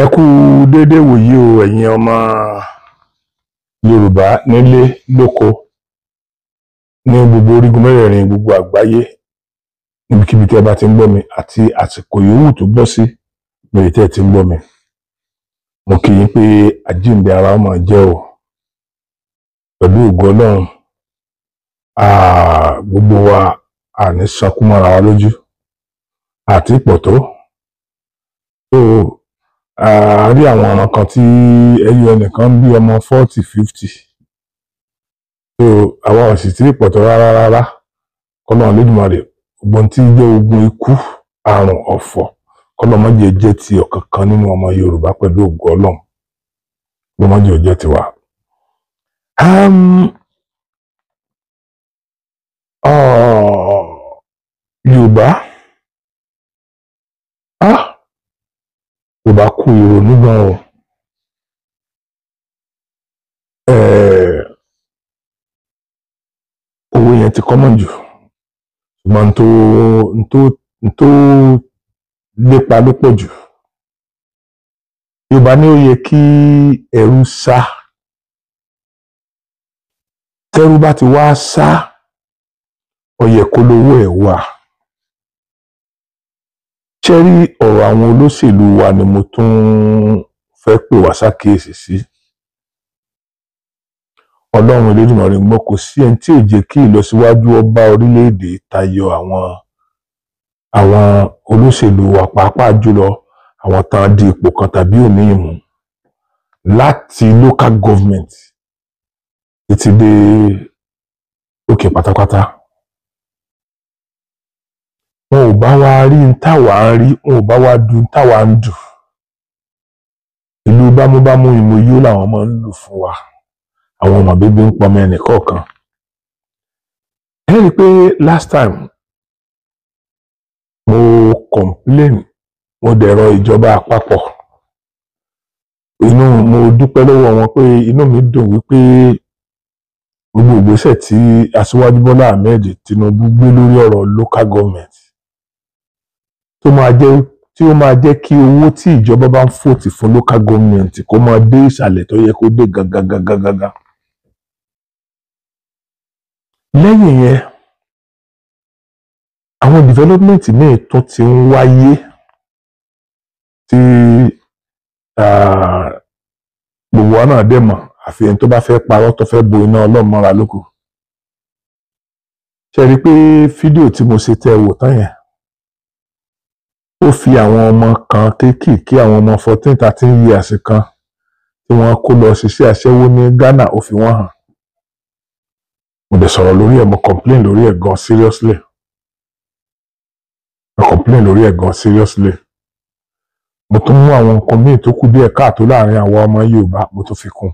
ẹ kú déédé wòyí o ẹ̀yin ọmọ yorùbá nílé lóko ní gbogbo orígun mẹ́rẹ̀ẹ̀rin gbogbo àgbáyé níbikíbi tí ẹ bá ti ń gbọ́ mi àti àsìkò yòówù tó gbọ́ sí lórí ẹ ti ń gbọ́ mi mo kì í pé àjíǹde ara ọmọ jẹ́ o pẹ̀lú ògo gbogbo wa àní wa àti pọ̀tó so a rí àwọn ọ̀ràn kan tí ẹyọ ẹnìkan bí ọmọ forty fifty so àwa ò tí pọ̀tó rárá rárá kọ́nà tí jẹ́ ogun ikú àrùn ọ̀fọ̀ kọ́nà jẹ́ ti nínú ọmọ Yorùbá pẹ̀lú ògùn Ọlọ́run wà. Yorùbá. yorùbá kú ìrònú gan o owó yẹn ti kọ́mọ̀ jù ṣùgbọ́n tó tó tó lépa ló pọ̀ jù yorùbá ní ó yẹ kí ẹ̀rù sá tẹ́rù bá ti wá sá ó yẹ kó ẹ̀ wà ṣe rí ọ̀rọ̀ àwọn olóṣèlú wa ni mo tún fẹ́ pè wá ṣàkíyèsí sí ọlọ́run Elédùmarè gbọ́ kò sí ẹni tí ò jẹ́ kí ìlọsíwájú ọba orílẹ̀-èdè tayọ àwọn àwọn olóṣèlú wa pàápàá jùlọ àwọn tá a di ipò kan tàbí òmíì mú láti local government títí dé òkè pátápátá. Okay, wọn ò bá wá rí n táwa ń rí wọn ò bá wá du n táwa ń dù ìlú bámúbámú ìmòyó làwọn máa ń lù fún wa àwọn ọmọ bíbí ń pọnmọ ẹnì kọ̀ọ̀kan ẹ pé last time mo complain mo dẹ̀rọ ìjọba àpapọ̀ inú mo dúpẹ́ lọ́wọ́ wọn pé inú mi dùn wípé gbogbo ìgbésẹ̀ tí aṣíwájú Bọ́lá Ahmed Tinubu gbé lórí ọ̀rọ̀ local government tó máa jẹ́ tí ó máa jẹ́ kí owó tí ìjọba bá ń fòtì fún local government kó máa dé ìsàlẹ̀ tó yẹ kó dé gangangangangan. lẹ́yìn yẹn àwọn development míì tó ti ń wáyé tí gbogbo wa náà dẹ̀ mọ̀ àfi tó bá fẹ́ parọ́ tó fẹ́ bo iná ọlọ́mọra lóko. ṣe rí i pé fídíò tí mo ṣe tẹ́ ẹ wò tán yẹn Ó fi àwọn ọmọ kan kéékèèké àwọn ọmọ 14, 13 years kan tí wọ́n kó lọ ṣiṣẹ́ aṣẹ́wó ní Ghana ó fi wọ́n hàn. Mo dẹ̀ sọ̀rọ̀ lórí ẹ̀ mo complain lórí ẹ̀ gan seriously. Mo complain lórí ẹ̀ gan seriously. Mo tún mú àwọn nǹkan míì tó kù díẹ̀ káàtó láàrin àwọn ọmọ Yorùbá mo tún fi kún.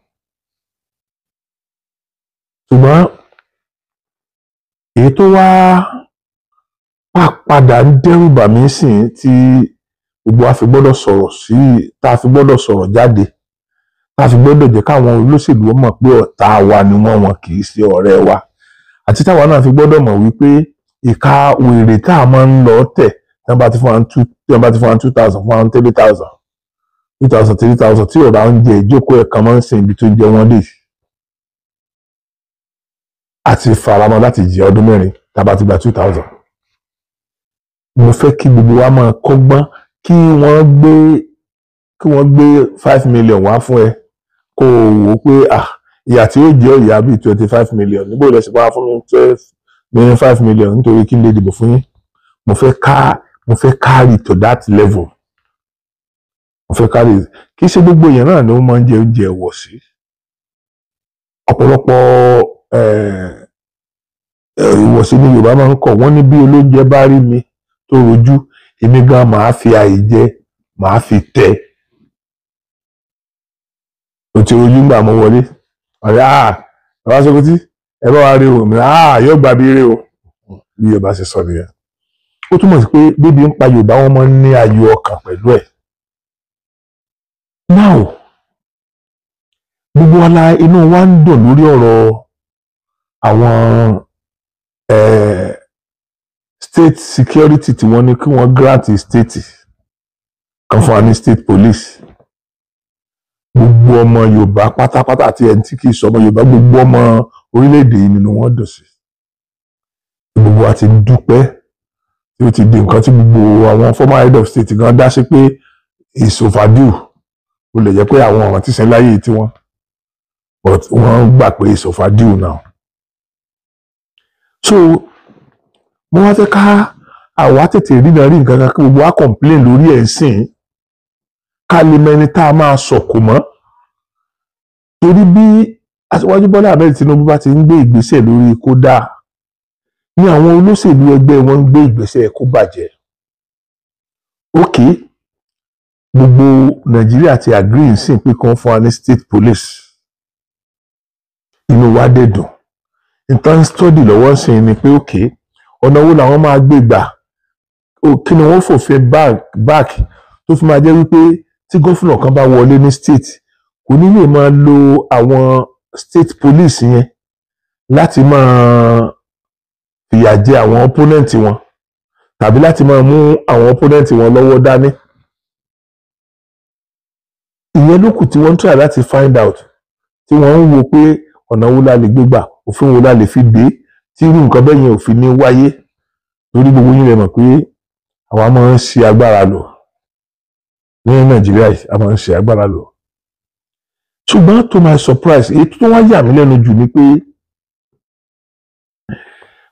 Ṣùgbọ́n èyí tó wá pàápàdà ń dẹ́rù bà mí sìn tí gbogbo a fi gbọ́dọ̀ sọ̀rọ̀ sí tá a fi gbọ́dọ̀ sọ̀rọ̀ jáde tá a fi gbọ́dọ̀ jẹ́ káwọn olóṣèlú mọ̀ pé ọ̀tá wa ni wọ́n wọn kì í ṣe ọ̀rẹ́ wa àti táwa náà fi gbọ́dọ̀ mọ̀ wípé ìka wèrè tá a máa ń lọ tẹ̀ tí wọ́n bá ti fún wa two tí two thousand fún wa three thousand two thousand three thousand tí ọ̀rá ń jẹ ìjókòó ẹ̀ kan máa ń sin ibi tó jẹ wọ́n dè àti faramọ́ láti jẹ ọdún mẹ́rin tá a bá ti gba two thousand mo fẹ́ kí gbogbo wa máa kọ́gbọ́n kí wọ́n gbé kí wọ́n gbé five million wá fún ẹ kó o wò ó pé ah ìyà tí ó jẹ́ ìyà bíi twenty five million níbo ilẹ̀ ṣe pa fún mi twelve million five million nítorí kí n lè dìbò fún yín mo fẹ́ ká mo fẹ́ carry to that level mo fẹ́ carry kì í ṣe gbogbo èèyàn náà ni ó máa ń jẹ oúnjẹ ẹ̀wọ̀ sí ọ̀pọ̀lọpọ̀ ìwọ̀sí eh, ni Yorùbá máa ń kọ̀ wọ́n ní bí olóúnjẹ bá rí mi tó rojú èmi gan màá fi àyè jẹ màá fi tẹ o ti rojú gbà mọ wọlé ọ̀rẹ́ àà bàbá sọkútì ẹ bá wa rí o mi àà yóò gbà bí rí o bí ṣe sọ pé bébí ń pa Yorùbá wọn ní ayọ̀ ọkàn pẹ̀lú ẹ̀ now gbogbo ọlá inú wa ń dùn lórí ọ̀rọ̀ àwọn eh, state security tí wọ́n ní kí wọ́n grant state kan fún wa ní state police gbogbo ọmọ Yorùbá pátápátá àti ẹni tí kì í sọmọ Yorùbá gbogbo ọmọ orílẹ̀-èdè yìí nínú wọn dùn sí gbogbo àti dúpẹ́ tí ó ti di nǹkan tí gbogbo àwọn former head of state gan dá sí pé is overdue ó lè jẹ́ pé àwọn ọ̀ràn ti sẹ́ láyé tiwọn but wọ́n gbà pé is overdue now so mo wá fẹ́ ká àwa tètè ríran rí nǹkan kan kí gbogbo wa complain lórí ẹ̀ sìn ká lè mẹni tá a máa sọ̀kò mọ́ torí bí aṣíwájú Bọ́lá Ahmed Tinubu bá ti ń gbé ìgbésẹ̀ lórí kó dáa ni àwọn olóṣèlú ẹgbẹ́ wọn ń gbé ìgbésẹ̀ kó bàjẹ́ òkè gbogbo Nàìjíríà ti agree sí pé kan fún ani state police inú wa dẹ̀ dùn nǹkan study lọ́wọ́ sí ni pé òkè. Okay, ọ̀nà wo làwọn máa gbé gbà kí ni wọ́n fòfin back tó fi máa jẹ́ wípé tí gófìnà kan bá wọlé ní state kò ní lè máa lo àwọn state police yẹn láti máa fìyà jẹ àwọn opponent wọn tàbí láti máa mú àwọn opponent wọn lọ́wọ́ dání. ìyẹn ló kù tí wọ́n ń try láti find out tí wọ́n ń wo pé ọ̀nà wo la lè gbé gbà òfin wo la lè fi dé tí irú nǹkan bẹ́ẹ̀ yẹn ò fi ní wáyé torí gbogbo yín lè mọ̀ pé àwa máa ń ṣe agbára lò ní Nàìjíríà a máa ń ṣe agbára lò ṣùgbọ́n to my surprise èyí tó wá yà mí lẹ́nu jù ni pé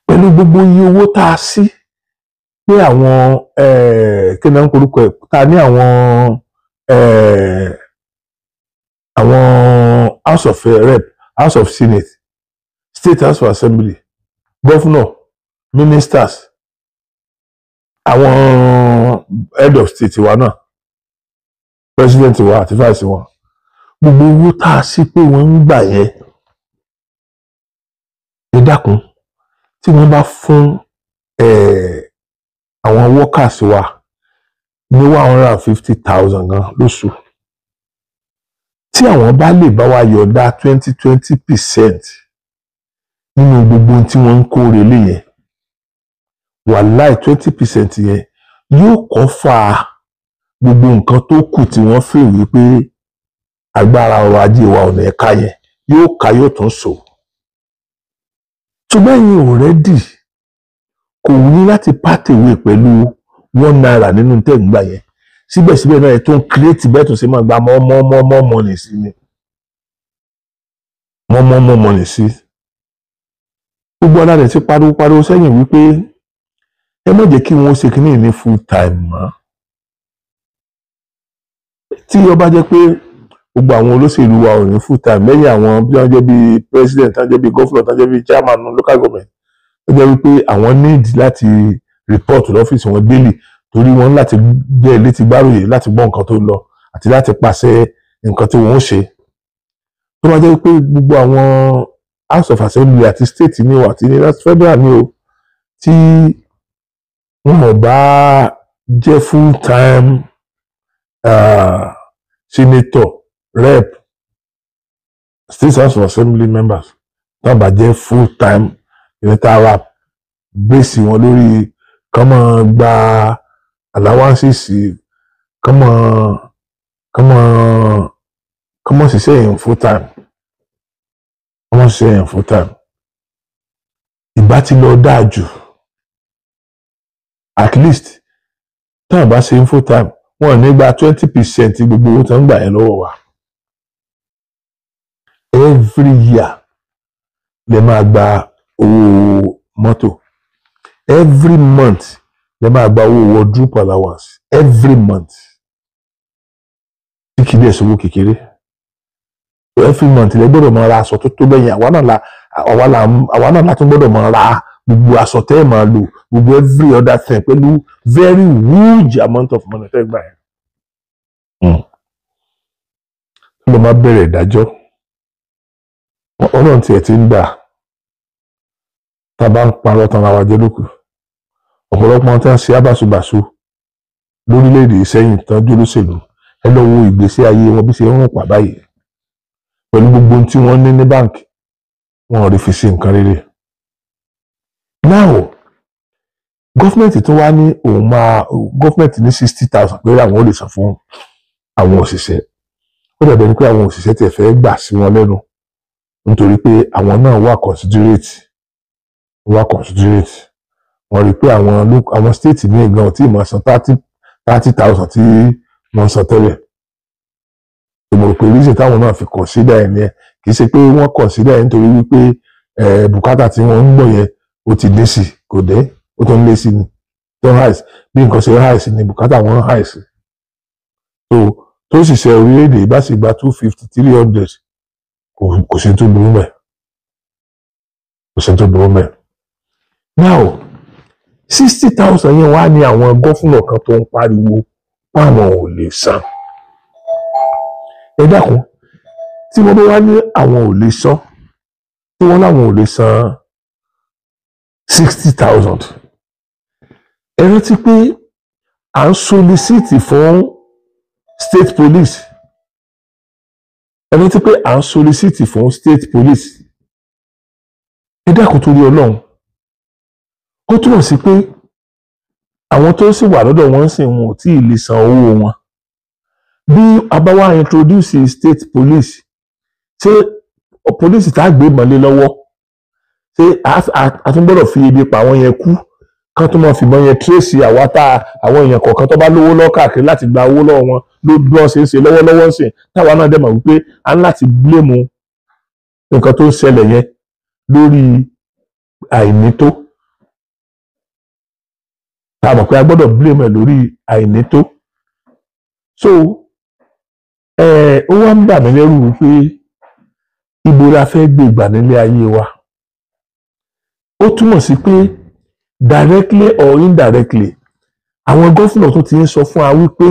pẹ̀lú gbogbo iye owó tá a sí pé àwọn kí ni wọ́n korúkọ ẹ̀ ta ní àwọn àwọn House of eh, Rep House of Senate State House of Assembly gọ́fúnà ministers àwọn head of state wa náà president wa àti vice wọn gbogbo owó tá a sí pé wọ́n ń gbà yẹn ẹ dákun tí wọ́n bá fún àwọn workers wa ní one hundred and fifty thousand gan lóṣù tí àwọn bá lè bá wa yọ̀ọ̀da twenty twenty percent nínú gbogbo tí wọ́n ń kórè lé yẹn wàláì twenty percent yẹn yóò kọ́ fà á gbogbo nǹkan tó kù tí wọ́n fẹ́ wípé agbára ọrọ̀ ajé wa ọ̀nà ẹ̀ka yẹn yóò ká yóò tún so. ṣùgbọ́n ẹ̀yin ò rẹ́dì kò ní láti pàtẹ́wé pẹ̀lú one naira nínú tẹ̀gbà yẹn síbẹ̀síbẹ̀ náà ẹ̀ tó ń kírètì bẹ́ẹ̀ tó ṣe máa gba mọ́mọ́mọ́mọ́ mọ́ni sí ni mọ́mọ́mọ́ mọ́ni sí ni gbogbo ara rẹ̀ ti pariwo pariwo sẹ́yìn wípé ẹ má jẹ́ kí wọ́n ṣe kínní ní full time mọ́ tí ó bá jẹ́ pé gbogbo àwọn olóṣèlú wa ò ní full time lẹ́yìn àwọn bí wọ́n jẹ́ bíi president tán jẹ́ bíi governor tán jẹ́ bíi chairman local government ó jẹ́ wípé àwọn need láti report lọ́fíìsì wọn daily torí wọ́n láti jẹ́ létí gbárùyè láti gbọ́ nǹkan tó lọ àti láti pàṣẹ nǹkan tí wọ́n ń ṣe tó bá jẹ́ pé gbogbo àwọn house of assembly àti state ni o àti ní federal ni o tí wọn ò bá jẹ́ full time uh, senator rep state house of assembly members tá bá jẹ́ full time electoral rep bẹ́sì wọn lórí kọ́mọ gba allowances kọ́mọ kọ́mọ kọ́mọ ṣiṣẹ́ yẹn full time wọ́n ṣe yẹn full time ìbá ti lọ dáa jù at least tán ìbá ṣe full time wọ́n ní gba twenty percent gbogbo owó tó ń gbà yẹn lọ́wọ́ wa every year lè máa gba owó mọ́tò every month lè máa gba owó wardrobe allowance every month tí kìí dẹ̀ sọ́wọ́ kékeré. every month lè gbọ́dọ̀ mọ ra aṣọ tó tó bẹ́yìn àwa náà la gbọ́dọ̀ mọ ra gbogbo aṣọ tẹ́ ẹ̀ máa lò gbogbo every other thing pẹ̀lú very huge amount of money tẹ́ ẹ gbà yẹn. ló hmm. máa bẹ̀rẹ̀ ìdájọ́ ọlọ́run tiẹ̀ ti ń gbà tá a bá ń parọ́ tan ara wa jẹ́ lókù ọ̀pọ̀lọpọ̀ tí wọ́n ṣe ábàṣubàṣu lórílẹ̀‐èdè pẹ̀lú gbogbo tí wọ́n ní ní báǹkì wọn rí fi ṣe nǹkan rere. now gọ́fìmẹ̀ntì tó wá ní òun máa gọ́fìmẹ̀ntì ní sixty thousand pé àwọn ò lè san fún àwọn òṣìṣẹ́ ó dàbẹ̀ ni pé àwọn òṣìṣẹ́ tiẹ̀ fẹ́ gbà sí wọn lẹ́nu nítorí pé àwọn náà wà considerate wà considerate wọ́n rí pé àwọn àwọn state míì gan tí ìmọ̀ san thirty thousand tí wọ́n san tẹ́lẹ̀ mo rò pé reason táwọn náà fi consider ẹ̀ ní ẹ̀ kì í ṣe pé wọ́n consider ẹ̀ nítorí wípé eh, bùkátà tí wọ́n ń gbọ̀ yẹn ó ti dé sí kò dé ó tó ń lé sí ni tó ń rise bí nǹkan ṣe rise ni bùkátà wọn ń rise so tó sì ṣe orílẹ̀-èdè bá two fifty three hundred kò sí tó burú mẹ́ kò sí tó burú mẹ́ now sixty thousand yẹn wá ní àwọn gọ́fúnà kan tó ń pariwo páwọn ò lè san ẹ dákun tí wọ́n bá wá ní àwọn ò lè sọ tí wọ́n láwọn ò lè san sixty thousand ẹ rántí pé à ń solicit fún state police ẹ rántí pé à ń solicit fún state police ẹ dákun torí Ọlọ́run ó túmọ̀ sí pé àwọn tó sì wà lọ́dọ̀ wọn sì wọn ò tí ì lè san owó wọn bí a bá wá introduce state police ṣé police tá a gbé mọ́lẹ̀ lọ́wọ́ ṣé a tún gbọ́dọ̀ fi ibi pa àwọn yẹn kú kan tó máa fìbọn yẹn tírèsì àwa tá àwọn èèyàn kọ̀ọ̀kan tó bá lówó lọ́wọ́ káàkiri láti gba owó lọ́wọ́ wọn ló bí wọ́n ṣe ń ṣe lọ́wọ́lọ́wọ́ ń sìn táwa náà dẹ̀ mọ̀ wípé a ń láti blame nǹkan tó ń ṣẹlẹ̀ yẹn lórí àìnító tá a mọ̀ pé a gbọ́dọ̀ blame ẹ̀ lórí àìnító so ó wá ń bà mí lẹ́rù wípé ibo la fẹ́ gbé ìgbà nílé ayé wa ó túmọ̀ sí pé directly or indirectly àwọn gọ́fìnà tó ti ń sọ fún wa wípé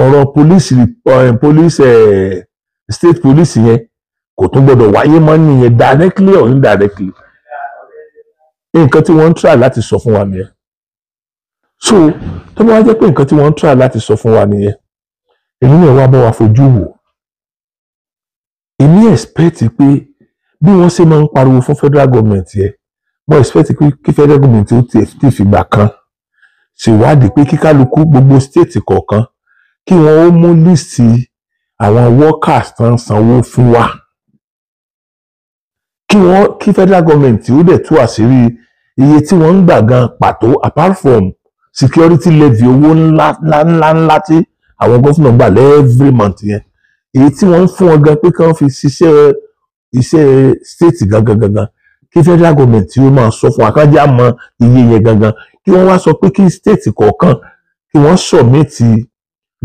ọ̀rọ̀ police eh, police eh, state police yẹn kò tún gbọdọ̀ wáyé mọ́ nìyẹn directly or indirectly nǹkan tí wọ́n ń try láti sọ fún wa nìyẹn so tó bá wá jẹ́ pé nǹkan tí wọ́n ń try láti sọ fún wa nìyẹn ẹ̀yin náà wá bá wa fojú wò èmi expect pé bí wọ́n ṣe máa ń pariwo fún federal government yẹn mo expect pé kí federal government ó ti ti fìgbà kan ṣèwádìí pé kíkálukú gbogbo state kọ̀ọ̀kan kí wọ́n ó mú líìsì àwọn workers tán sanwó fún wa kí wọ́n kí federal government ó dẹ̀ tú àṣírí iye tí wọ́n ń gbà gan pàtó apart from security levy owó ńlá ńlá ńlá tí àwọn gómìnà gbà lẹ́ẹ̀fì mọ̀ntì yẹn èyí tí wọ́n ń fún wọn gan pé kí wọ́n fi ṣiṣẹ́ iṣẹ́ stéètì gangan gangan kí federal government tí mọ iye gangan kí wọ́n wá sọ pé kí stéètì kọ̀ọ̀kan kí wọ́n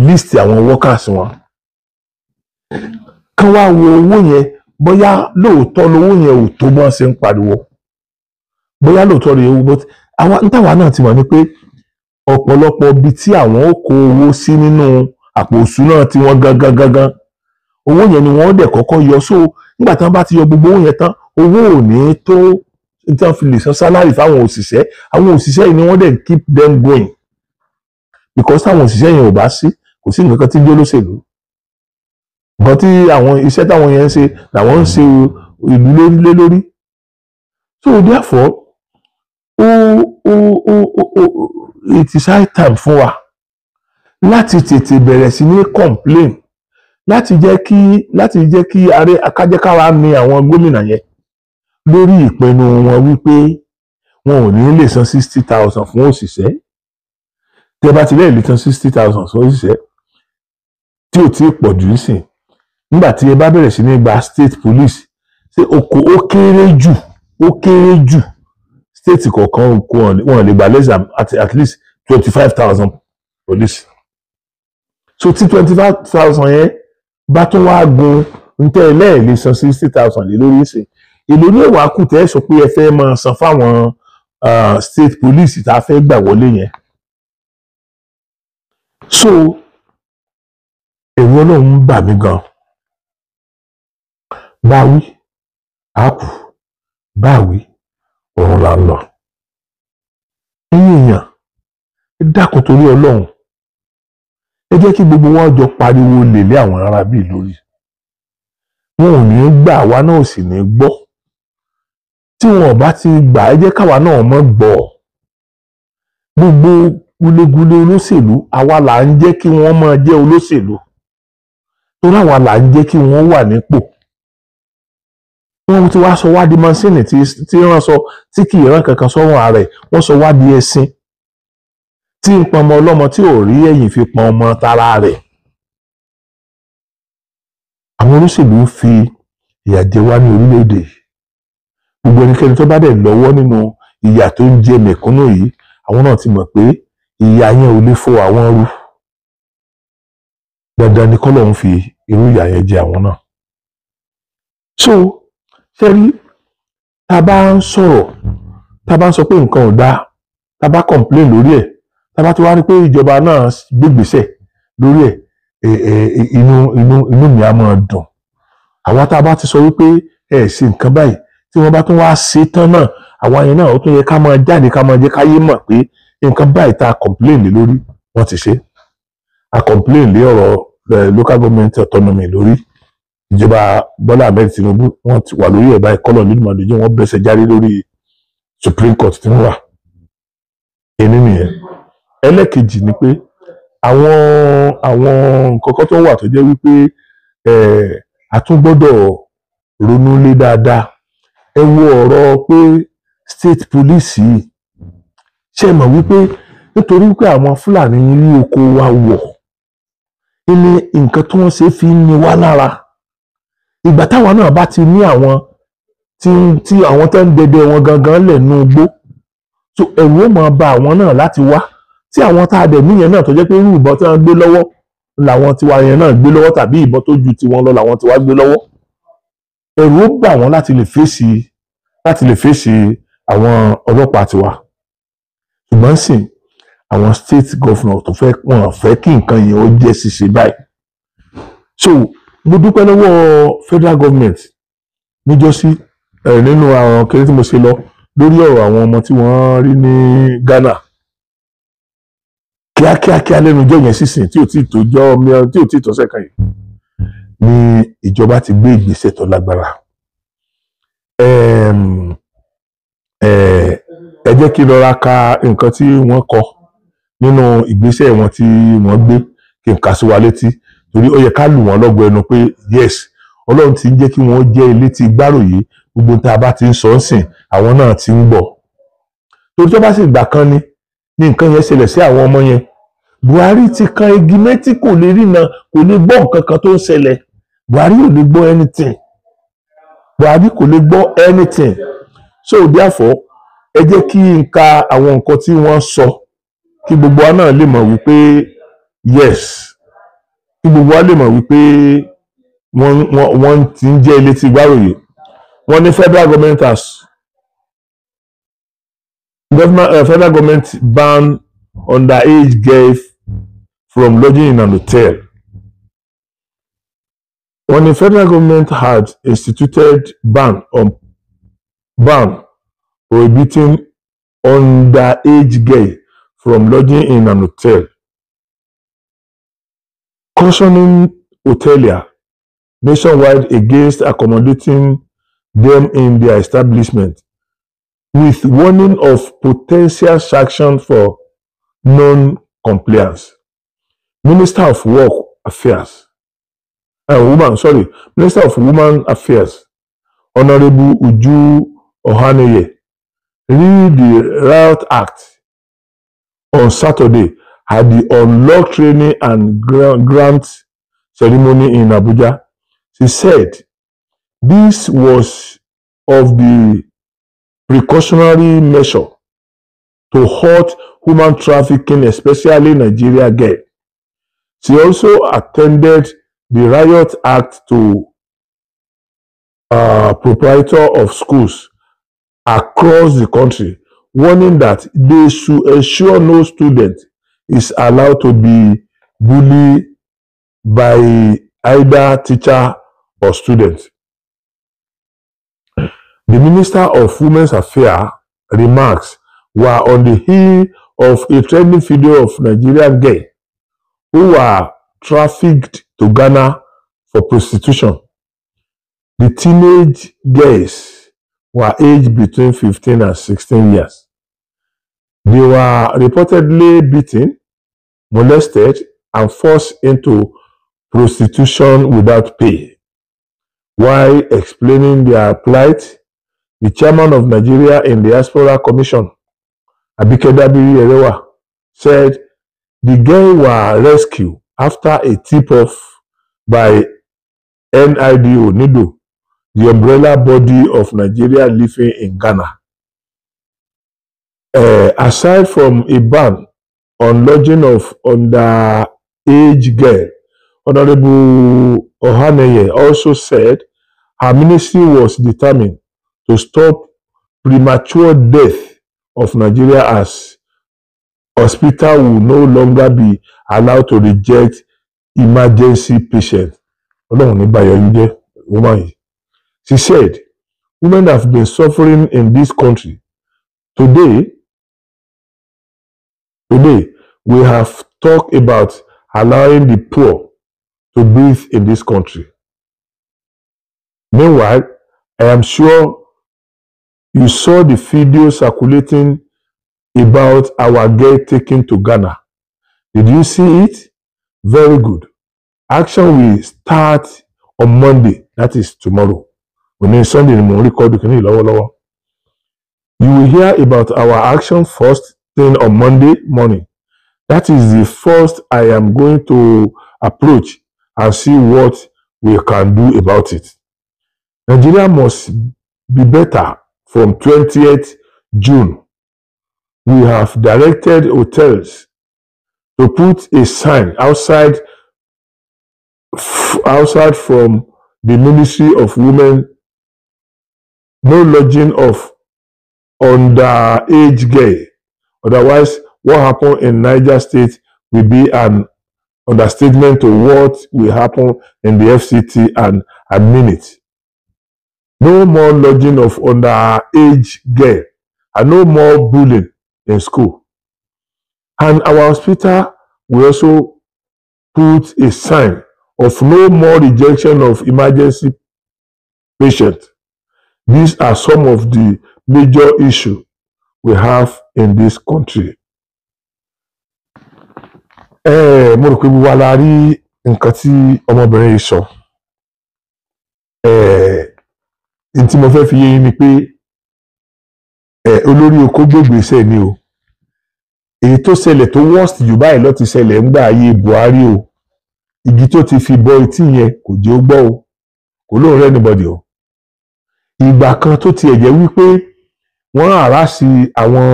list àwọn workers wọn wá wo owó yẹn bóyá lóòótọ́ yẹn ò tó ṣe ń pariwo bóyá lóòótọ́ bó àwọn náà ti mọ̀ ni pé ọ̀pọ̀lọpọ̀ ibi tí àwọn ó kó owó sí nínú àpò òṣùnà tí wọ́n gangan gangan owó yẹn ni wọ́n dẹ̀ kọ́kọ́ yọ so nígbà tí wọ́n bá ti yọ gbogbo owó yẹn tán owó ò ní tó tí wọ́n fi lè san sálárì fáwọn òṣìṣẹ́ àwọn òṣìṣẹ́ yìí ni wọ́n dẹ̀ keep them going because táwọn òṣìṣẹ́ yẹn ò bá sí kò sí nǹkan tí ń jẹ́ olóṣèlú nǹkan tí àwọn iṣẹ́ táwọn yẹn ń ṣe làwọn ń ṣe ìlú lé lórí so therefore ó ó ó ó it is high time fún wa láti tètè bẹ̀rẹ̀ sí ní complain láti jẹ́ kí láti jẹ́ kí aré akájẹ́kára mi àwọn gómìnà yẹn lórí ìpinnu wọn wípé wọn ò ní lè san sixty thousand fún òṣìṣẹ́ tẹ́ bá ti lẹ́yìn lè san sixty thousand fún òṣìṣẹ́ tí ò tí ì pọ̀ jù nísìn nígbà tí ẹ bá bẹ̀rẹ̀ sí ní gba state police ṣé oko ó kéré jù ó kéré jù stéètì kọ̀ọ̀kan wọn lè gbà lẹ́sìn at at least twenty five thousand police so tí twenty five thousand yẹn bá tún wá gun ntẹ́ ẹlẹ́ẹ̀lẹ́ san sixty thousand lé lórí ìsìn èlò ní ìwà kù tẹ́ sọ pé ẹ fẹ́ máa san fáwọn state police tá a fẹ́ gbà wọlé yẹn so ẹ̀rù ọlọ́run bà mí gan báwí àkù báwí ọ̀run là ń lọ. ẹ̀yin èèyàn ẹ dákun torí ọlọ́run ẹ jẹ́ kí gbogbo wọn jọ pariwo lè lé àwọn arábì lórí wọn ò ní gbà àwa náà ò sì ní gbọ́ tí wọn ò bá ti gbà ẹ jẹ́ káwa náà mọ́ gbọ́ gbogbo gulegule olóṣèlú àwa là ń jẹ́ kí wọ́n máa jẹ́ olóṣèlú tó láwa là ń jẹ́ kí wọ́n wà nípò. wọ́n ti wá sọ wá di mọ́sínì tí wọ́n sọ tí kì í rán kankan sọ́wọ́n ààrẹ wọ́n sọ wá di ẹṣin tí ń pọnmọ ọlọ́mọ tí ò rí ẹ̀yìn fi pọn ọmọ tara rẹ̀. àwọn olóṣèlú ń fi ìyà jẹ wá ní orílẹ̀-èdè gbogbo ẹnikẹ́ni tó bá dẹ̀ lọ́wọ́ nínú ìyà tó ń jẹ mẹ̀kúnnù yìí àwọn náà ti mọ̀ pé ìyà yẹn ò lè fo àwọn rú dandan ni kọ́lọ̀ ń fi irú ìyà yẹn jẹ àwọn náà. so sẹ́rí tá a bá ń sọ̀rọ̀ tá a bá ń sọ pé nǹkan ò dáa tá a bá complain lórí ẹ̀ tá a bá ti wá rí pé ìjọba náà gbégbèsè lórí ẹ̀ inú inú inú mi á máa dùn àwa tá a bá ti sọ wípé ẹ ṣe nǹkan báyìí tí wọ́n bá tún wá ṣe tán náà àwa yẹn náà ó tún yẹ ká máa jáde ká máa jẹ́ káyé mọ̀ pé nǹkan báyìí tá a complain lé lórí wọ́n ti ṣe a complain lé ọ̀rọ̀ local government autonomy lórí ìjọba Bọ́lá Ahmed Tinubu wọ́n ti wà lórí ẹ̀bá ìkọlọ̀ nínú màdójú wọ́n bẹ̀sẹ̀ járe lórí Supreme Court tí wọ́n wà ẹni nìyẹn ẹlẹ́kejì ni pé àwọn àwọn nǹkan kan tó wà tó jẹ́ wípé a tún gbọ́dọ̀ ronú lé dáadáa ẹ wo ọ̀rọ̀ pé state police yìí ṣe mọ̀ wípé nítorí pé àwọn Fúlàní rí oko wa wọ̀ ní nǹkan tí wọ́n ṣe fi ń ni wá lára ìgbà táwọn náà bá ti ní àwọn tí tí àwọn tó ń dẹdẹ wọn gangan lẹ̀ nú igbó so ẹ̀rù ó máa ba àwọn náà láti wá tí àwọn tá a dẹ̀ níyẹn náà tó jẹ́ pé irú ìbọn tí wọ́n gbé lọ́wọ́ làwọn tiwa yẹn náà gbé lọ́wọ́ tàbí ìbọn tó ju tiwọn lọ làwọn tiwa gbé lọ́wọ́ ẹ̀rù ó bà wọ́n láti lè fèsì láti lè fèsì àwọn ọlọ́pàá tiwa ṣùgbọ́n sìn àwọn state governor tó fẹ́ wọn fẹ́ kí nǹkan yẹn ó jẹ́ ṣíṣe báyìí so mo dúpẹ́ lọ́wọ́ federal government níjọ́sí nínú àwọn kéré tí mo ṣe lọ lórí ọ̀rọ̀ àwọn ọmọ tí wọ́n rí ní Ghana kíákíákíá lẹ́nu jẹ́ yẹn sísìn tí ò tí tó jọ́ mìíràn tí ò tí tó sẹ́kàn yìí ni ìjọba ti gbé ìgbésẹ̀ tó lágbára ẹ jẹ́ kí n lọ́ra ka nǹkan tí wọ́n kọ nínú ìgbésẹ̀ wọn tí wọ́n gbé kí n kà sí wa létí torí ó yẹ ká lù wọ́n lọ́gọ ẹnu pé yes ọlọ́run ti ń jẹ́ kí wọ́n jẹ́ ilé ti gbáròyé gbogbo tá a bá ti ń sọ ń sìn àwọn náà ti ń gbọ́ torí tó bá sì gbà kan ni ni nǹkan yẹn ṣẹlẹ̀ sí àwọn ọmọ yẹn Buhari ti kan igi mẹ́tí kò lè rína kò lè gbọ́ nǹkan kan tó ń ṣẹlẹ̀ Buhari ò lè gbọ́ anything Buhari kò lè gbọ́ anything so therefore ẹ jẹ́ kí n ka àwọn nǹkan tí wọ́n sọ kí gbogbo wa náà lè mọ̀ wípé yes kí gbogbo wa lè mọ̀ wípé wọ́n ti ń jẹ́ ilé tí gbáròyè wọ́n ní federal government has government, uh, federal government ban underage girls from lodging in an hotel. When the federal government had instituted ban on ban prohibiting underage girls from lodging in an hotel cautioning hoteliers nationwide against accommodating them in their establishments, with warning of potential sanction for non-compliance. Minister of Work Affairs, uh, woman, sorry, Minister of Women Affairs, Honourable Uju Ohaneye, read the Riot Act on Saturday at the unlock training and grant ceremony in Abuja. She said this was of the precautionary measure to halt human trafficking, especially Nigeria girl. She also attended the Riot Act to uh, proprietor of schools across the country, warning that they should ensure no student is allowed to be bullied by either teacher or student. The Minister of Women's Affairs remarks were on the heel of a trending video of Nigerian girls who were trafficked to Ghana for prostitution. The teenage gays were aged between 15 and 16 years. They were reportedly beaten, molested, and forced into prostitution without pay. While explaining their plight, the chairman of Nigeria in the Diaspora Commission, Abike Dabiri Erewa, said the girls were rescued after a tip-off by NIDO NIDO, the umbrella body of Nigeria living in Ghana. Uh, aside from a ban on lodging of underage girl. Honorable Ohaneye also said her ministry was determined to stop premature death of Nigeria as hospital will no longer be allowed to reject emergency patients. Ọlọ́run ní woman She said, women have been suffering in this country. Today, Today, we have talked about allowing the poor to breathe in this country. Meanwhile, I am sure you saw the video circulating about our girl taken to Ghana. Did you see it? Very good. Action will start on Monday, that is tomorrow. When is Sunday, we call the lower lower. You will hear about our action first thing on Monday morning. That is the first I am going to approach and see what we can do about it. Nigeria must be better from 28th June. We have directed hotels to put a sign outside outside from the Ministry of Women no lodging of underage gay. Otherwise, what happened in Niger State will be an understatement to what will happen in the FCT and admin it. No more lodging of underage girl and no more bullying in school. And our hospital will also put a sign of no more rejection of emergency patients. These are some of the major issues we have in this country. ẹ eh, mo rò pé gbogbo ara rí nǹkan tí ọmọbìnrin yìí sọ ẹ eh, tí mo fẹ́ fi yé yín ni pé ẹ eh, olórí oko gbògbèsè ni o èyí tó ṣẹlẹ̀ tó worst jù báyìí ló ti ṣẹlẹ̀ ńgbà ayé Buhari o igi tó ti fi bọ etí yẹn kò jẹ́ ó gbọ́ o kò lóun rẹ́ anybody o ìgbà kan tó tiẹ̀ jẹ́ wípé wọ́n àràsì àwọn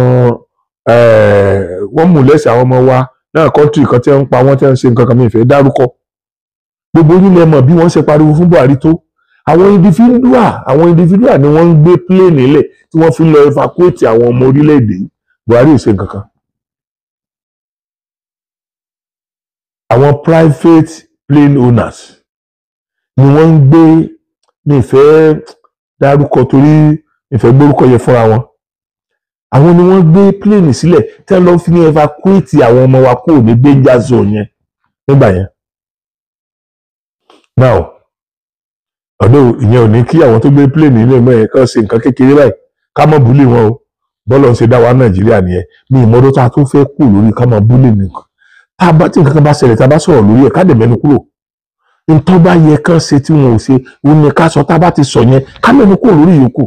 eh, wọ́n mú lẹ́sẹ̀ àwọn ọmọ wa náà kọ́ńtì kan tí wọ́n ń pa wọ́n tí wọ́n ń ṣe nǹkan kan mi ìfẹ́ dárúkọ gbogbo yín lẹ mọ̀ bí wọ́n ṣe pariwo fún Buhari tó àwọn individua àwọn individua ni wọ́n ń gbé plane lẹ̀ tí wọ́n fi lọ evacuate àwọn ọmọ orílẹ̀-èdè Buhari ò ṣe nǹkan kan àwọn private plane owners ni wọ́n ń gbé mi ìfẹ́ dárúkọ torí ìfẹ́ gbórúkọ yẹ fúnra wọn àwọn ni wọ́n gbé pléènì sílẹ̀ tẹ́ lọ́ fi ní evacuate àwọn ọmọ wa kúrò ní danger zone yẹn nígbà yẹn now although ìyẹn ò ní kí àwọn tó gbé pléènì ilé ẹ̀mọ́ yẹn kàn ṣe nǹkan kékeré báyìí ká mọ̀ búlé wọn o bọ́lọ̀ ń ṣe dá wa nàìjíríà nìyẹn ní ìmọ̀dọ́ tá a tó fẹ́ kú lórí ká mọ̀ búlé nìkan tá a bá tí nǹkan kan bá ṣẹlẹ̀ tá sọ̀rọ̀ lórí ẹ̀ ká dẹ̀ mẹ́nu kúrò ntọ́ yẹ kán ṣe tí wọn ò ṣe òun ni ká sọ tá ti sọ yẹn ká mẹ́nu kúrò lórí yòókù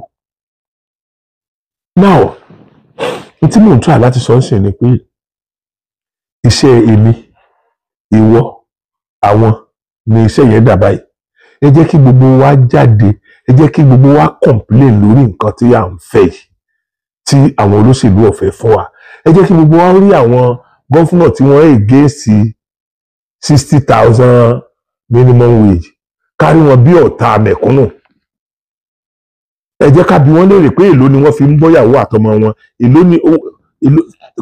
now ìtí mò ń tọ́ àláti sọ ń sìn ni pé iṣẹ́ èmi ìwọ àwọn ni iṣẹ́ yẹn dà báyìí ẹ jẹ́ kí gbogbo wa jáde ẹ jẹ́ kí gbogbo wa complain lórí nǹkan tí à ń fẹ́ yìí tí àwọn olóṣèlú ọ̀fẹ́ fún wa ẹ jẹ́ kí gbogbo wa rí àwọn gọ́fúnà tí wọ́n ègéèsì sixty thousand minimum wage kárí wọn bí ọ̀tá mẹ̀kúnnù ẹ jẹ́ ká bi wọ́n léèrè pé èló ni wọ́n fi ń bọ́ àtọmọ wọn èló ni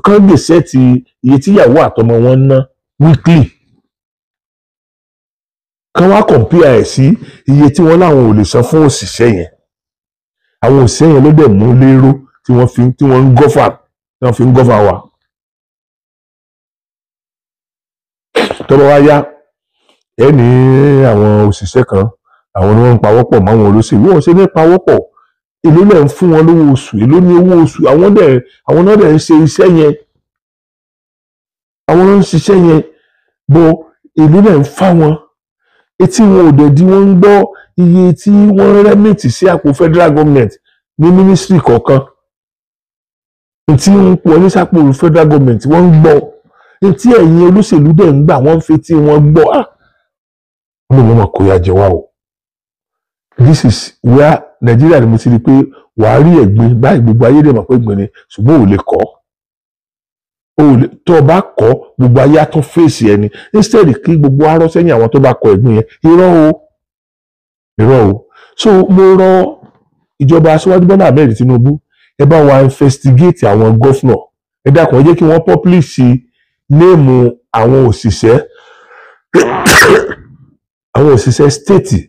kán gbèsè ti iye tí yàwó àtọmọ wọn ná weekly kán wá compare ẹ̀ sí iye tí wọ́n láwọn ò lè san fún òṣìṣẹ́ yẹn àwọn òṣìṣẹ́ yẹn ló dẹ̀ mú lérò tí wọ́n fi tí wọ́n ń gọ́fà tí wọ́n fi ń gọ́fà wa. tọ́lọ́ wá yá ẹ ní àwọn òṣìṣẹ́ kan àwọn ni wọ́n ń pawọ́pọ̀ mọ́ àwọn olóṣèlú wọ́n ṣe ní pawọ́pọ̀ èló lẹ̀ ń fún wọn lówó oṣù èló ní owó oṣù àwọn dẹ̀ àwọn náà dẹ̀ ń ṣe iṣẹ́ yẹn àwọn náà ń ṣiṣẹ́ yẹn bọ èló lẹ̀ ń fá wọn etí wọn ò dẹ̀ di wọ́n ń gbọ́ iye tí wọ́n rẹ́mìtì sí àpò federal government ní mínísírì kọ̀ọ̀kan ntí ń pọ̀ ní sápò federal government wọ́n ń gbọ́ ntí ẹ̀yin olóṣèlú dẹ̀ ń gbà wọ́n ń fetí wọn gbọ́ ah ló mọ̀ kó yá jẹ wá o this is where nàìjíríà ni mo ti rí i pé wàá rí ẹ̀gbin báyìí gbogbo ayé dẹ̀ mọ̀ pé ẹ̀gbin ni ṣùgbọ́n ò lè kọ́ ò lè tó o bá kọ́ gbogbo ayé á tún fèsì ẹni instead kí gbogbo arọ́ sẹ́yìn àwọn tó bá kọ ẹ̀gbin yẹn irọ́ o irọ́ o so mo rọ ìjọba aṣíwájú bọ́lá ahmed tinubu ẹ bá wa investigate àwọn gọ́fúnà ẹ dákun ẹ jẹ́ kí wọ́n publish néèmù àwọn òṣìṣẹ́ àwọn òṣìṣẹ́ stéètì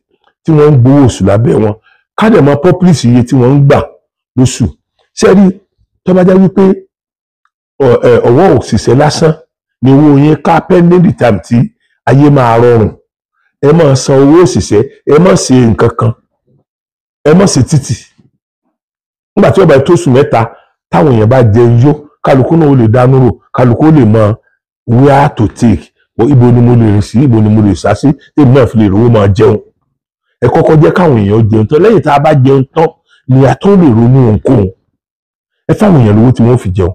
tí wọ́n ń gbowó oṣù lábẹ́ wọn ká dẹ̀ mọ populist iye tí wọ́n ń gbà lóṣù sẹ́rí tó bá jẹ́ wípé ọwọ́ òṣìṣẹ́ lásán ni owó yín ká pending time tí ayé máa rọrùn ẹ máa san owó òṣìṣẹ́ ẹ má ṣe nǹkan kan ẹ má ṣe títì nígbà tí ọba tó oṣù mẹ́ta táwọn èèyàn bá jẹ yó kálukú náà ó lè dánú rò kálukú ó lè mọ where to take ibo ni mo lè rìn sí ibo ni mo lè sá sí èmi náà fi lè rówó máa jẹun ẹ kọ́kọ́ jẹ́ káwọn èèyàn jẹun tán lẹ́yìn tá a bá jẹun tán ni a tó lè ronú ohunkóhun ẹ fáwọn èèyàn lówó tí wọ́n fi jẹun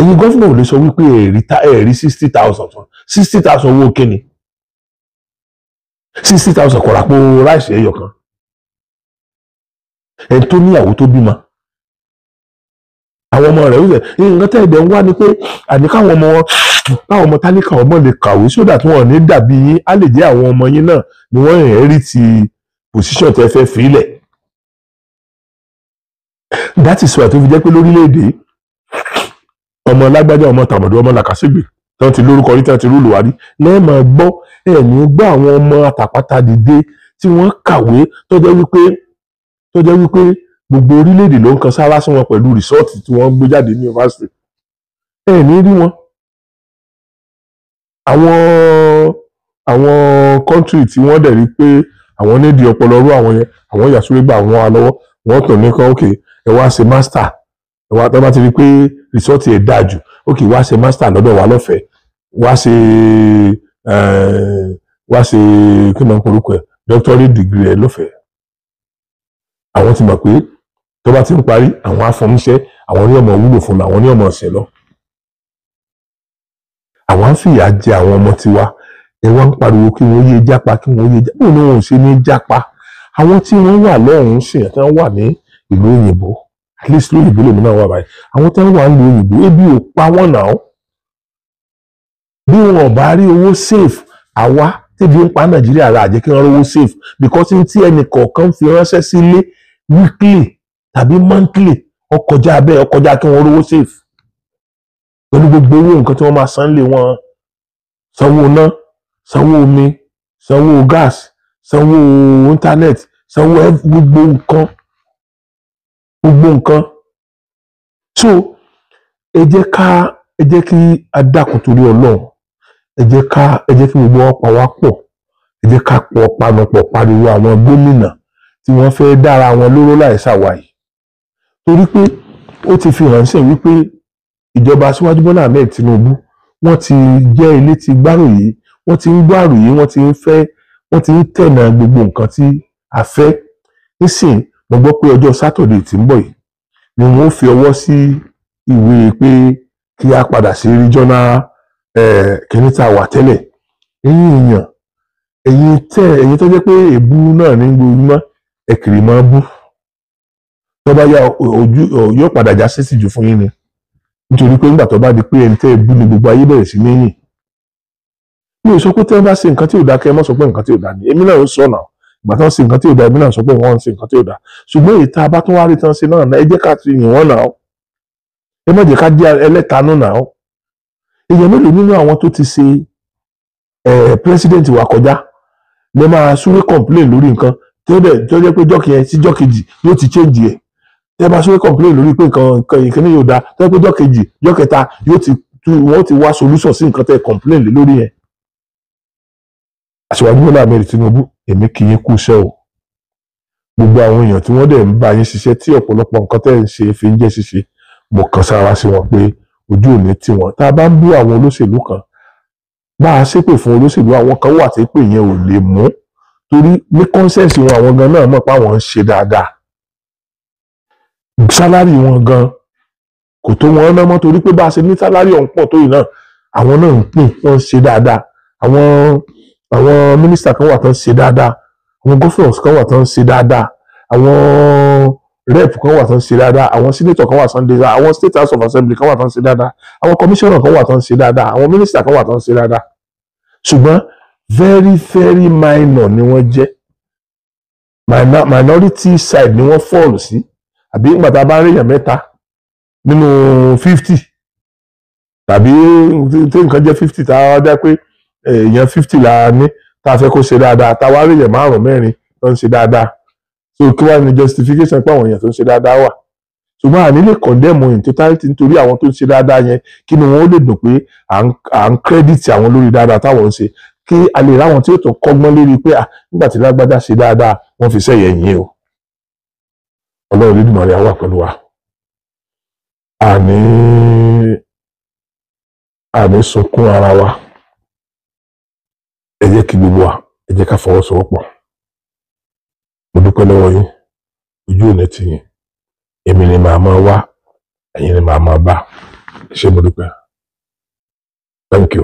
ẹ̀yin gọ́fìnà ò lè sọ wípé ẹ̀rí sixty thousand sixty thousand owó kíni sixty thousand kọ̀ọ̀rà pé ráìsì ẹ̀yọ̀ kan ẹni tó níyàwó tó bímọ àwọn ọmọ rẹ̀ wíwẹ̀ nǹkan tẹ́ ẹ̀dẹ̀ ń wá ni pé àníkàwọn ọmọ wọn táwọn ọmọ tálíkà ọmọ lè kàwé sódà tí wọn ní dàbí yín á lè jẹ́ àwọn ọmọ yín náà ni wọ́n rí ti pòsíṣàn tẹ́ fẹ́ fílẹ̀ that is why tó fi jẹ́ pé lórílẹ̀‐èdè ọmọ lágbájá ọmọ tàmọ̀dọ́ ọmọ làkàṣègbè tán ti lórúkọ rí tán ti rúlù wá rí lẹ́ẹ̀mọ̀ gbọ́ ẹ̀mí gbọ́ àwọn ọmọ àtàpátá dìde tí wọ́n kàwé tó jẹ́ wípé tó jẹ́ wípé gbogbo orílẹ̀-èdè ló ń kan sára sí wọn pẹ̀lú rìsọ́ọ̀tì tí wọ́n gbé jáde ní yunifásitì ẹ̀mí rí wọn àwọn àwọn kọ́ńtírì tí wọ́n dẹ̀ rí pé àwọn nídìí ọpọlọ rú àwọn yẹn àwọn yàsúrégbà àwọn alọ́wọ́ wọ́n tàn ní kan ok ẹ wá ṣe master ẹ wá tọ́ba ti rí pé rìsọ́ọ̀tì ẹ̀ dáa jù ok wá ṣe master lọ́dọ̀ wa lọ́fẹ̀ẹ́ wá ṣe wá ṣe kí ni wọ́n porúkọ ẹ̀ doctorate degree ẹ̀ lọ́fẹ̀ẹ́ àwọn ti mọ̀ pé tọ́ba ti ń parí àwọn afọmúṣẹ́ àwọn ní ọmọ wúlò fún làwọn ní ọmọ ọ̀sẹ̀ lọ àwọn á fìyà jẹ àwọn ọmọ tiwa ẹ wá ń pariwo kí wọ́n yé jápa kí wọ́n yé jápa òun náà ò ṣe ní jápa àwọn tí wọ́n wà lọ́rùn ṣèyàn tí wọ́n wà ní ìlú òyìnbó at least lóyìnbó lèmi náà wà báyìí àwọn tí wà ní òyìnbó ebi ò pa wọ́n náà bí wọn bá rí owó safe àwa tẹ́bi ń pa nàìjíríà ra àjẹ́ kí rówó safe because tí ẹnì kọ̀ọ̀kan fi ránṣẹ́ sílé weekly tàbí monthly ọkọjá abẹ́ ọkọjá kí wọ́n rówó safe pẹ̀lú gbogbo owó nǹkan tí wọ́n máa san lé wọn sanwó ná sanwó omi sanwó gas sanwó internet sanwó gbogbo nǹkan gbogbo nǹkan so ẹ jẹ́ ká ẹ jẹ́ kí a dákun torí Ọlọ́run ẹ jẹ́ ká ẹ jẹ́ kí gbogbo wa pa wá pọ̀ ẹ jẹ́ ká pọ̀ panupọ̀ pariwo àwọn gómìnà tí wọ́n fẹ́ dára wọn lóró láì ṣàwàyí torí pé ó ti fi hàn sí wípé ìjọba aṣíwájú bọ́lá ahmed tinubu wọ́n ti jẹ́ ilé ti gbáròyé wọ́n ti ń gbáròyé wọ́n ti ń fẹ́ wọ́n ti ń tẹ̀nà gbogbo nǹkan tí a fẹ́ nísìn mo gbọ́ pé ọjọ́ sátọ̀dé tí ń ni wọ́n fi ọwọ́ sí ìwé pé kí a padà sí kìíní tá a wà tẹ́lẹ̀ èèyàn tẹ́ tó jẹ́ pé èbú náà ní ẹ̀kìrì máa bú ni. nítorí pé nígbà tó bá di pé ẹni tẹ́ ẹ bú ni gbogbo ayé bẹ̀rẹ̀ sí ní yìn mi ò sọ pé tẹ́ ẹ bá ṣe nǹkan tí ò dáa kẹ́ ẹ mọ́ sọ pé nǹkan tí ò dáa ni èmi náà ń sọ náà ìgbà tán ṣe nǹkan tí ò dáa èmi náà sọ pé wọ́n ń ṣe nǹkan tí ò dáa ṣùgbọ́n èyí tá tán ṣe náà ẹ jẹ́ ká ti yìn wọ́n náà ẹ má ká jẹ́ ẹlẹ́tanú náà èèyàn mélòó nínú àwọn tó ti ṣe president wa kọjá lè máa súré complain lórí nǹkan tó jẹ́ pé jọ́kì yẹn sí jọ́kejì yóò ti change yẹn ẹ máa ṣe complain lórí pé nǹkan nǹkan yìí kíní yóò da tẹ́ pé jọ́kejì jọ́kẹta yóò ti tu wọ́n ti wá solution sí nǹkan tẹ́ complain lé lórí yẹn. Aṣíwájú Bọ́lá Ahmed Tinubu èmi kì í kú iṣẹ́ o gbogbo àwọn èèyàn tí wọ́n dẹ̀ ń bá yín ṣiṣẹ́ tí ọ̀pọ̀lọpọ̀ nǹkan tẹ́ ń ṣe fi ń jẹ́ ṣíṣe mo kàn sára sí wọn pé ojú ò ní tiwọn tá a bá ń bú àwọn olóṣèlú kan bá a ṣépè fún olóṣèlú àwọn kan wà tí pé yẹn ò lè mú torí ní kọ́ńsẹ̀ǹsì wọn àwọn gan náà mọ̀ pé àwọn ń ṣe dáadáa sálárì wọn gan kò tó wọn ná mọ́ torí pé bá a ṣe ní sálárì ọ̀hún pọ̀ tó yìí náà àwọn náà ń pín wọ́n ń ṣe dáadáa àwọn àwọn mínísítà kan wà tó ń ṣe dáadáa àwọn gófìnà kan wà tó ń ṣe dáadáa àwọn rep kan wà tó ń ṣe dáadáa àwọn senator kan wà tó ń ṣe dáadáa àwọn state house of assembly kan wà tó ń ṣe dáadáa àwọn commissioner kan wà tó ń ṣe dáadáa àwọn mínísítà kan wà tó ń ṣe dáadáa ṣùgbọ́n very very minor ni wọ́n jẹ́ minority side ni wọ́n fọ́ọ̀lù sí. Si àbí ìgbà tá a bá ń rèèyàn mẹ́ta nínú fifty tàbí tí nǹkan jẹ́ fifty tá a dá pé èèyàn eh, fifty la ní tá a fẹ́ kó ṣe dáadáa tá a wá rèèyàn márùn-ún mẹ́rin tó ń ṣe dáadáa so kí wàá ní justification pé àwọn èèyàn tó ń ṣe dáadáa wà ṣùgbọ́n àní lè condemn in totality nítorí àwọn tó ń ṣe dáadáa yẹn kí ni wọ́n lè dùn pé à ń credit àwọn lórí dáadáa táwọn ń ṣe kí a lè ráwọn tí ó tó kọ́gbọ́n lórí pé à nígbà tí lágbájá ṣe dáadáa wọ́n fi sẹ́yẹ̀ yín o. ọlọ́run ndị dùnmọ̀ wà pẹ̀lú wa àní àní sunkún ara wa ẹ jẹ́ kí gbogbo wa ẹ jẹ́ ká fọwọ́sowọ́pọ̀ mo dúpẹ́ lọ́wọ́ yín ojú ti èmi ni màá máa wá ẹ̀yin ni